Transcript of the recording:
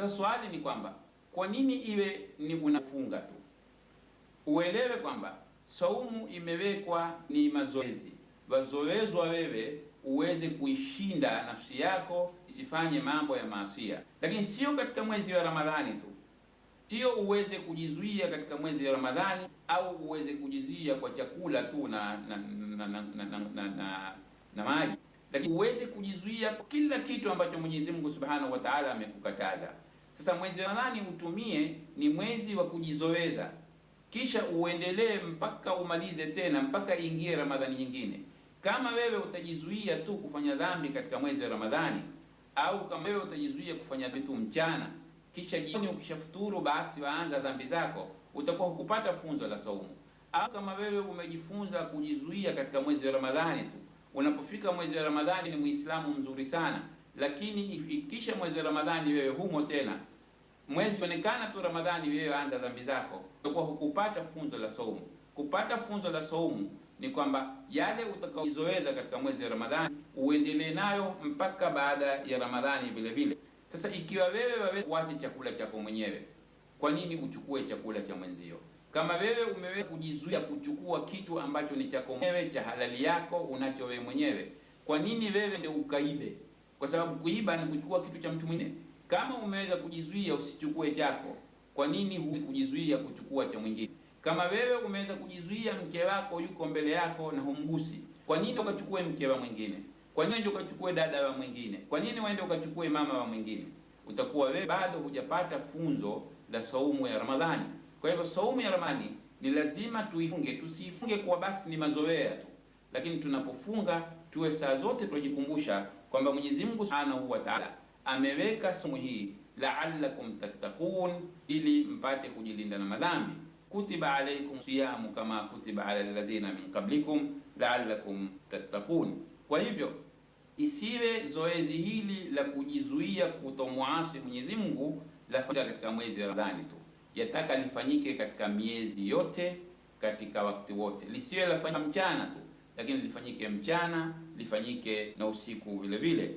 Sasa swali ni kwamba kwa nini iwe ni unafunga tu? Uelewe kwamba saumu imewekwa ni mazoezi, wazoezwa wewe uweze kuishinda nafsi yako isifanye mambo ya maasia, lakini sio katika mwezi wa Ramadhani tu, sio uweze kujizuia katika mwezi wa Ramadhani au uweze kujizuia kwa chakula tu na na na, na, na, na, na, na, na maji, lakini uweze kujizuia kwa kila kitu ambacho Mwenyezi Mungu Subhanahu wa Ta'ala amekukataza. Sasa mwezi wa nane utumie, ni mwezi wa kujizoeza, kisha uendelee mpaka umalize tena, mpaka ingie Ramadhani nyingine. Kama wewe utajizuia tu kufanya dhambi katika mwezi wa Ramadhani, au kama wewe utajizuia kufanya vitu mchana, kisha jioni ukishafuturu, basi waanza dhambi zako, utakuwa hukupata funzo la saumu. Au kama wewe umejifunza kujizuia katika mwezi wa Ramadhani tu, unapofika mwezi wa Ramadhani ni Muislamu mzuri sana lakini ikisha mwezi wa Ramadhani wewe humo tena, mwezi onekana tu Ramadhani, wewe anza dhambi zako, utakuwa hukupata funzo la saumu. Kupata funzo la saumu ni kwamba yale utakaozoeza katika mwezi wa Ramadhani uendelee nayo mpaka baada ya Ramadhani vile vile. Sasa ikiwa wewe wawe uache chakula chako mwenyewe, kwa nini uchukue chakula cha mwenzio? Kama wewe umeweza kujizuia kuchukua kitu ambacho ni chako mwenyewe cha halali yako unacho wewe mwenyewe, kwa nini wewe ndio ukaibe? kwa sababu kuiba ni kuchukua kitu cha mtu mwingine. Kama umeweza kujizuia usichukue chako, kwa nini hukujizuia kuchukua cha mwingine? Kama wewe umeweza kujizuia, mke wako yuko mbele yako na humgusi, kwa nini ukachukue mke wa mwingine? Kwa nini ukachukue dada wa mwingine? Kwa nini uende ukachukue mama wa mwingine? Utakuwa wewe bado hujapata funzo la saumu ya Ramadhani. Kwa hivyo saumu ya Ramadhani ni lazima tuifunge, tusiifunge kwa basi ni mazoea tu. Lakini tunapofunga tuwe saa zote tunajikumbusha kwamba Mwenyezi Mungu Subhanahu wa Ta'ala ameweka somo hii la'allakum tattaqun, ili mpate kujilinda na madhambi. Kutiba alaykum siyamu kama kutiba ala alladhina min qablikum la'allakum tattaqun. Kwa hivyo isiwe zoezi hili la kujizuia kutomwasi Mwenyezi Mungu la fanya katika mwezi wa Ramadhani tu, yataka lifanyike katika miezi yote, katika wakati wote, lisiwe lafanya mchana tu lakini lifanyike mchana, lifanyike na usiku vile vile.